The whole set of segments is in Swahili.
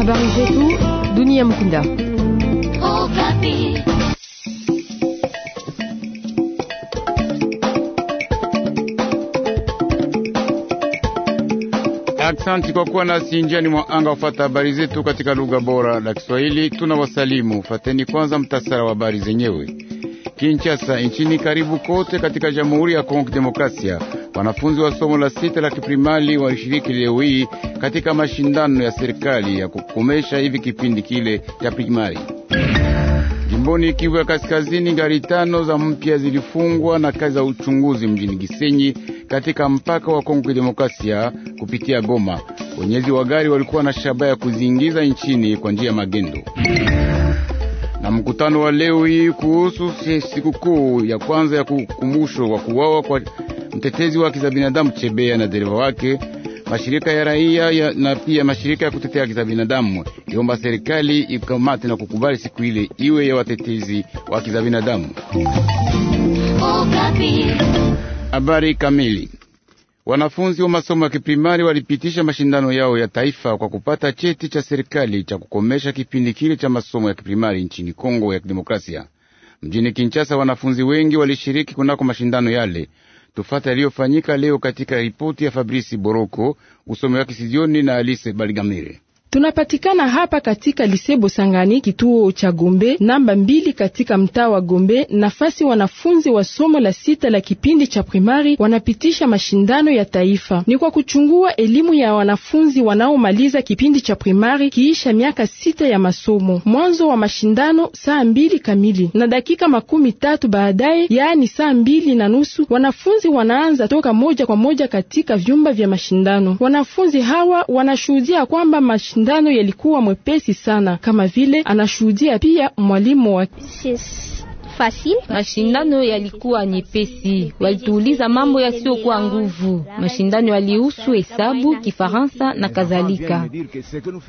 Habari zetu dunia Aksanti kwa kuwa nasi njiani mwa anga ufata habari zetu katika lugha bora la Kiswahili. Tuna wasalimu fateni kwanza mtasara wa habari zenyewe. Kinshasa, nchini karibu kote katika Jamhuri ya Kongo Demokrasia Wanafunzi wa somo la sita la kiprimali walishiriki leo hii katika mashindano ya serikali ya kukomesha hivi kipindi kile cha primari. Jimboni Kivu ya Kaskazini, gari tano za mpya zilifungwa na kazi za uchunguzi mjini Gisenyi katika mpaka wa Kongo Kidemokrasia kupitia Goma. Wenyezi wa gari walikuwa na shabaha ya kuziingiza nchini kwa njia ya magendo. Na mkutano wa leo hii kuhusu sikukuu ya kwanza ya kukumbusho wa kuwawa kwa mtetezi wa haki za binadamu Chebea na dereva wake, mashirika ya raia na pia mashirika ya kutetea haki za binadamu iomba serikali ikamate na kukubali siku ile iwe ya watetezi wa haki za binadamu. Habari kamili. Wanafunzi wa masomo ya kiprimari walipitisha mashindano yao ya taifa kwa kupata cheti cha serikali cha kukomesha kipindi kile cha masomo ya kiprimari nchini Kongo ya Kidemokrasia. Mjini Kinshasa, wanafunzi wengi walishiriki kunako mashindano yale. Tufata yaliyofanyika leo katika ripoti ya Fabrisi Boroko, usomi wake Sidioni na Alise Baligamire. Tunapatikana hapa katika lisebo sangani kituo cha Gombe namba mbili katika mtaa wa Gombe, nafasi wanafunzi wa somo la sita la kipindi cha primari wanapitisha mashindano ya taifa. Ni kwa kuchungua elimu ya wanafunzi wanaomaliza kipindi cha primari kiisha miaka sita ya masomo. Mwanzo wa mashindano saa mbili kamili na dakika makumi tatu baadaye, yaani saa mbili na nusu, wanafunzi wanaanza toka moja kwa moja katika vyumba vya mashindano. Wanafunzi hawa wanashuhudia kwamba mashindano mashindano yalikuwa mwepesi sana, kama vile anashuhudia pia mwalimu wake. Mashindano yalikuwa nyepesi, walituuliza mambo yasiyokuwa nguvu. Mashindano yalihusu hesabu, Kifaransa na kadhalika.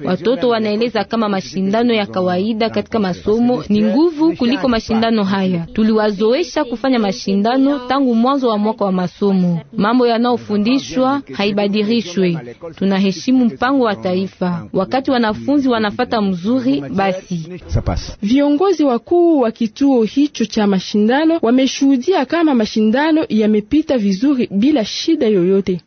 Watoto wanaeleza kama mashindano ya kawaida katika masomo ni nguvu kuliko mashindano haya. Tuliwazoesha kufanya mashindano tangu mwanzo wa mwaka wa masomo. Mambo yanayofundishwa haibadirishwe, tunaheshimu mpango wa taifa. Wakati wanafunzi wanafata mzuri, basi viongozi wakuu wa kituo hicho hicho cha mashindano wameshuhudia kama mashindano yamepita vizuri bila shida yoyote.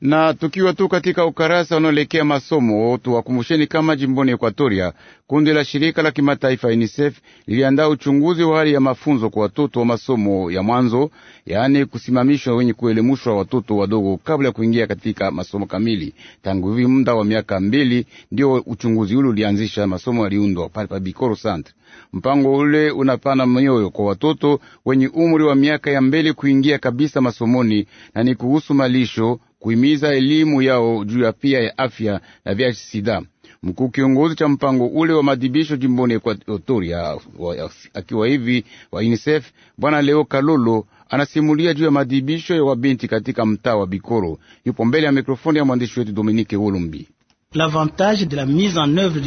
Na tukiwa tu katika ukarasa unaoelekea masomo, tuwakumbusheni kama jimboni Ekwatoria kundi la shirika la kimataifa UNICEF liliandaa uchunguzi wa hali ya mafunzo kwa watoto wa masomo ya mwanzo, yaani kusimamishwa wenye kuelimishwa watoto wadogo kabla ya kuingia katika masomo kamili. Tangu hivi muda wa miaka mbili ndio uchunguzi ule ulianzisha masomo yaliundwa pale pa Bikoro Centre. Mpango ule unapana mioyo kwa watoto wenye umri wa miaka ya mbele kuingia kabisa masomoni, na ni kuhusu malisho kuhimiza elimu yao juu ya pia ya afya na vya sida. Mkuu kiongozi cha mpango ule wa madhibisho jimboni Ekwatoria akiwa hivi wa UNICEF Bwana Leo Kalolo anasimulia juu ya madhibisho ya wabinti katika mtaa wa Bikoro. Yupo mbele ya mikrofoni ya mwandishi wetu Dominike Wolumbi.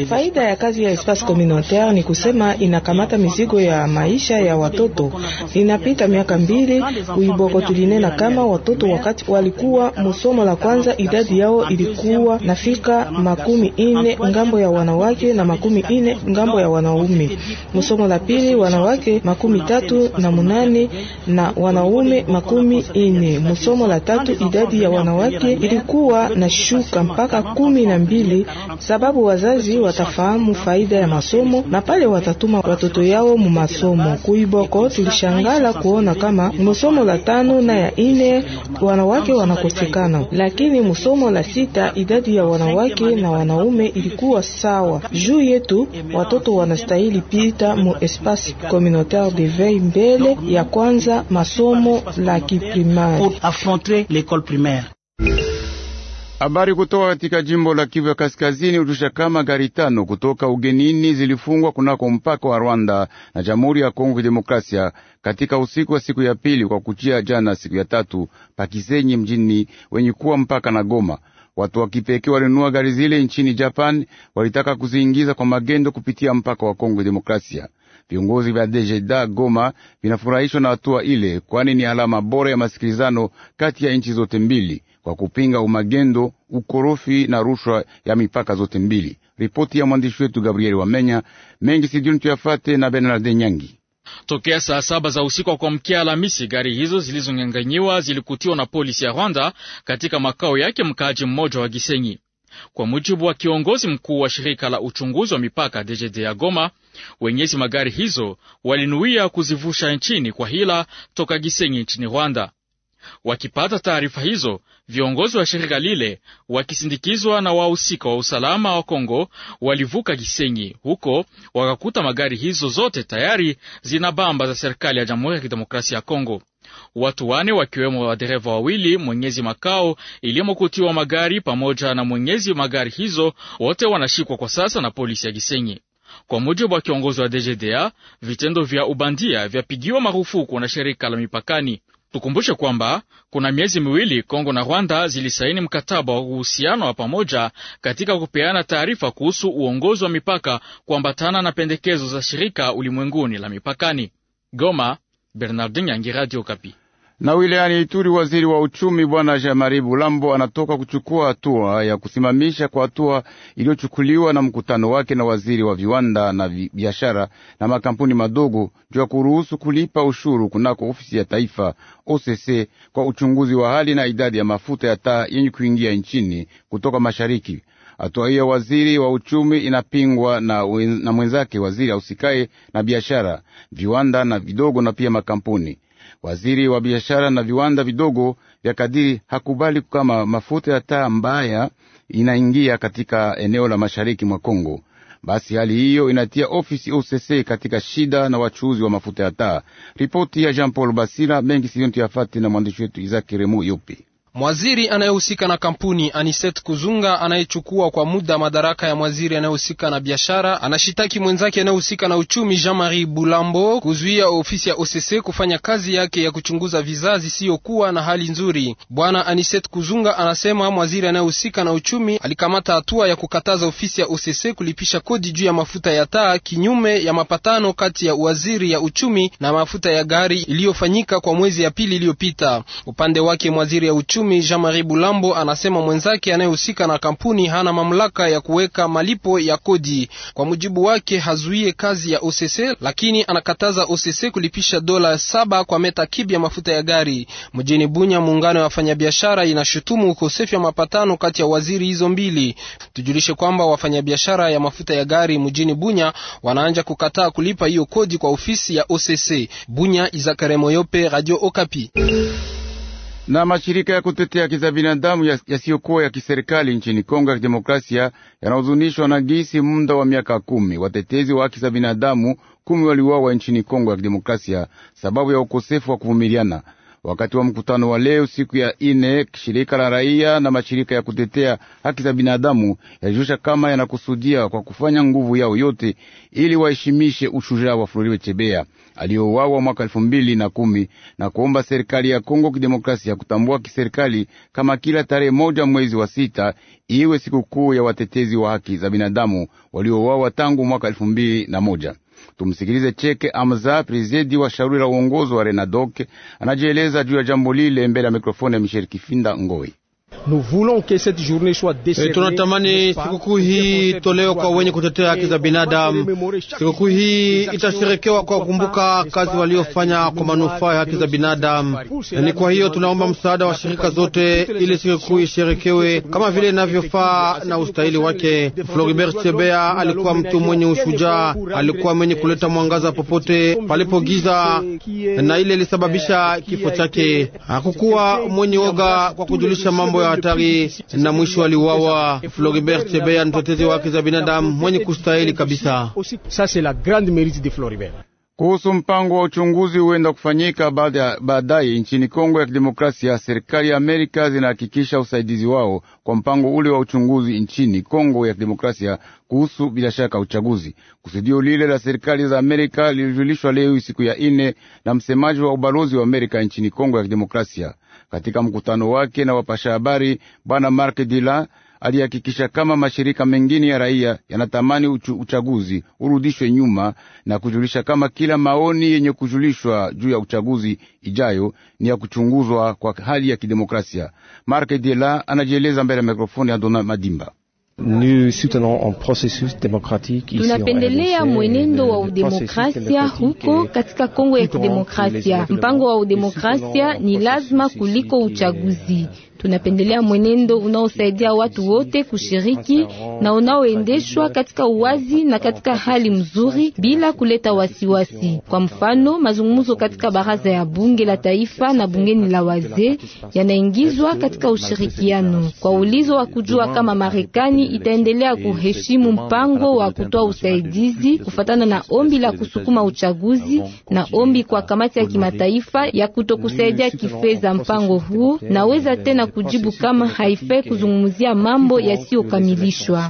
Faida ya kazi ya espace communautaire ni kusema inakamata mizigo ya maisha ya watoto. Inapita miaka mbili kuiboko, tulinena kama watoto wakati walikuwa musomo la kwanza, idadi yao ilikuwa nafika makumi ine ngambo ya wanawake na makumi ine ngambo ya wanaume. Musomo la pili wanawake makumi tatu na munane na wanaume makumi ine. Musomo la tatu idadi ya wanawake ilikuwa na shuka mpaka kumi na mbili mbili, sababu wazazi watafahamu faida ya masomo na pale watatuma watoto yao mu masomo. Kuiboko tulishangala kuona kama musomo la tano na ya ine wanawake wanakosekana, lakini musomo la sita idadi ya wanawake na wanaume ilikuwa sawa. Juu yetu watoto wanastahili pita mu espace communautaire de vei mbele ya kwanza masomo la kiprimari. Habari kutoka katika jimbo la Kivu ya Kaskazini hujulisha kama gari tano kutoka ugenini zilifungwa kunako mpaka wa Rwanda na Jamhuri ya Kongo Demokrasia katika usiku wa siku ya pili kwa kuchia jana siku ya tatu Pakisenyi mjini wenye kuwa mpaka na Goma. Watu wa kipekee walinunua gari zile nchini Japan, walitaka kuziingiza kwa magendo kupitia mpaka wa Kongo Demokrasia. Viongozi vya Dejeda Goma vinafurahishwa na hatua ile, kwani ni alama bora ya masikilizano kati ya nchi zote mbili kwa kupinga umagendo, ukorofi na rushwa ya mipaka zote mbili. Ripoti ya mwandishi wetu Gabrieli Wamenya mengi sijuni tuyafate na Bernarde Nyangi. Tokea saa saba za usiku wa kuamkia Alhamisi, gari hizo zilizonyang'anyiwa zilikutiwa na polisi ya Rwanda katika makao yake mkaaji mmoja wa Gisenyi. Kwa mujibu wa kiongozi mkuu wa shirika la uchunguzi wa mipaka DGD ya Goma, wenyezi magari hizo walinuia kuzivusha nchini kwa hila toka Gisenyi nchini Rwanda. Wakipata taarifa hizo, viongozi wa shirika lile wakisindikizwa na wahusika wa usalama wa Kongo walivuka Gisenyi. Huko wakakuta magari hizo zote tayari zina bamba za serikali ya Jamhuri ya Kidemokrasia ya Kongo. Watu wane wakiwemo wadereva wawili, mwenyezi makao ilimo kutiwa magari pamoja na mwenyezi magari hizo, wote wanashikwa kwa sasa na polisi ya Gisenyi. Kwa mujibu wa kiongozi wa DGDA, vitendo vya ubandia vyapigiwa marufuku na shirika la mipakani. Tukumbushe kwamba kuna miezi miwili Kongo na Rwanda zilisaini mkataba wa uhusiano wa pamoja katika kupeana taarifa kuhusu uongozi wa mipaka kuambatana na pendekezo za shirika ulimwenguni la mipakani. Goma, Bernardin Yangi, Radio Kapi. Na wilayani Ituri, waziri wa uchumi bwana Jamari Bulambo anatoka kuchukua hatua ya kusimamisha kwa hatua iliyochukuliwa na mkutano wake na waziri wa viwanda na biashara na makampuni madogo juu ya kuruhusu kulipa ushuru kunako ofisi ya taifa OCC kwa uchunguzi wa hali na idadi ya mafuta ya taa yenye kuingia nchini kutoka mashariki Hatua hiyo waziri wa uchumi inapingwa na, na mwenzake waziri ausikaye na biashara, viwanda na vidogo na pia makampuni. Waziri wa biashara na viwanda vidogo vya kadiri hakubali kama mafuta ya taa mbaya inaingia katika eneo la mashariki mwa Kongo. Basi hali hiyo inatia ofisi OCC katika shida na wachuuzi wa mafuta ya taa. Ripoti ya Jean Paul Basila mengi siyontu yafati na mwandishi wetu Isaki Remu Yupi. Mwaziri anayehusika na kampuni Aniset Kuzunga anayechukua kwa muda madaraka ya mwaziri anayehusika na biashara anashitaki mwenzake anayehusika na uchumi Jean-Marie Bulambo kuzuia ofisi ya OCC kufanya kazi yake ya kuchunguza vizazi zisiyokuwa na hali nzuri. Bwana Aniset Kuzunga anasema mwaziri anayehusika na uchumi alikamata hatua ya kukataza ofisi ya OCC kulipisha kodi juu ya mafuta ya taa kinyume ya mapatano kati ya waziri ya uchumi na mafuta ya gari iliyofanyika kwa mwezi ya pili iliyopita. Upande wake mwaziri ya uchumi uchumi Jean-Marie Bulambo anasema mwenzake anayehusika na kampuni hana mamlaka ya kuweka malipo ya kodi. Kwa mujibu wake, hazuie kazi ya OCC, lakini anakataza OCC kulipisha dola saba kwa meta ya mafuta ya gari. Mjini Bunya, muungano ya wafanyabiashara inashutumu ukosefu wa mapatano kati ya waziri hizo mbili. Tujulishe kwamba wafanyabiashara ya mafuta ya gari mjini Bunya wanaanja kukataa kulipa hiyo kodi kwa ofisi ya OCC. Bunya, Izakare Moyope, Radio Okapi na mashirika ya kutetea haki za binadamu yasiyokuwa ya kiserikali nchini Kongo ya Kidemokrasia yanahuzunishwa na gisi muda wa miaka kumi watetezi wa haki za binadamu kumi waliuawa nchini Kongo ya Kidemokrasia sababu ya ukosefu wa kuvumiliana. Wakati wa mkutano wa leo siku ya ine, shirika la raia na mashirika ya kutetea haki za binadamu yalijusha kama yanakusudia kwa kufanya nguvu yao yote ili waheshimishe ushujaa wa Floriwe Chebea aliyouawa mwaka elfu mbili na kumi na kuomba serikali ya Kongo Kidemokrasia kutambua kiserikali kama kila tarehe moja mwezi wa sita iwe sikukuu ya watetezi wa haki za binadamu waliouawa tangu mwaka elfu mbili na moja. Tumsikilize Cheke Amza, prezidenti wa shauri la uongozi wa Renadoke, anajieleza juu ya jambo lile mbele ya mikrofoni ya Misheri Kifinda Ngoi. Eh, tunatamani sikukuu hii itolewe kwa wenye kutetea haki za binadamu. Sikukuu hii itasherekewa kwa kukumbuka kazi waliofanya kwa manufaa ya haki za binadamu. Ni kwa hiyo tunaomba msaada wa shirika zote ili sikukuu isherekewe kama vile inavyofaa na ustahili wake. Floribert chebea alikuwa mtu mwenye ushujaa, alikuwa mwenye kuleta mwangaza popote palipogiza, na ile ilisababisha kifo chake. Hakukuwa mwenye oga kwa kujulisha mambo ya hatari na mwisho aliuawa. Floribert Chebeya, mtetezi wa haki za binadamu mwenye kustahili kabisa. Kuhusu mpango wa uchunguzi huenda kufanyika baadaye nchini Kongo ya Kidemokrasia, serikali ya Amerika zinahakikisha usaidizi wao kwa mpango ule wa uchunguzi nchini Kongo ya Kidemokrasia kuhusu bila shaka uchaguzi. Kusudio lile la serikali za Amerika lilijulishwa leo siku ya ine na msemaji wa ubalozi wa Amerika nchini Kongo ya Kidemokrasia. Katika mkutano wake na wapasha habari, bwana Mark Dila alihakikisha kama mashirika mengine ya raia yanatamani uchu, uchaguzi urudishwe nyuma na kujulisha kama kila maoni yenye kujulishwa juu ya uchaguzi ijayo ni ya kuchunguzwa kwa hali ya kidemokrasia. Mark Dela anajieleza mbele ya mikrofoni ya Dona Madimba. Tunapendelea mwenendo wa udemokrasia huko katika Kongo ya Kidemokrasia. Mpango wa udemokrasia ni lazima kuliko uchaguzi. Tunapendelea mwenendo unaosaidia watu wote kushiriki na unaoendeshwa katika uwazi na katika hali mzuri bila kuleta wasiwasi. Kwa mfano, mazungumzo katika baraza ya bunge la taifa na bungeni la wazee yanaingizwa katika ushirikiano kwa ulizo wa kujua kama Marekani itaendelea kuheshimu mpango wa kutoa usaidizi kufatana na ombi la kusukuma uchaguzi na ombi kwa kamati ya kimataifa ya kutokusaidia kifedha mpango huu, naweza tena kujibu kama haifai kuzungumzia mambo yasiyokamilishwa.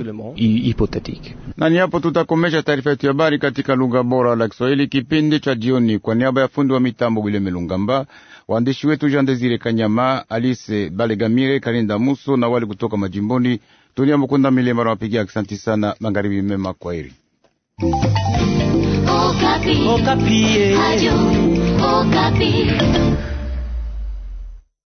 Na ni hapo tutakomesha taarifa yetu ya habari katika lugha bora la Kiswahili kipindi cha jioni. Kwa niaba ya fundi wa mitambo Gwileme Lungamba, waandishi wetu Jean Desire Kanyama, alise Balegamire, Karinda Muso na wale kutoka majimboni Tunia Mukunda Milema, nawapigia asante sana. Magharibi mema, kwaheri. Okapi. Okapi. Eh.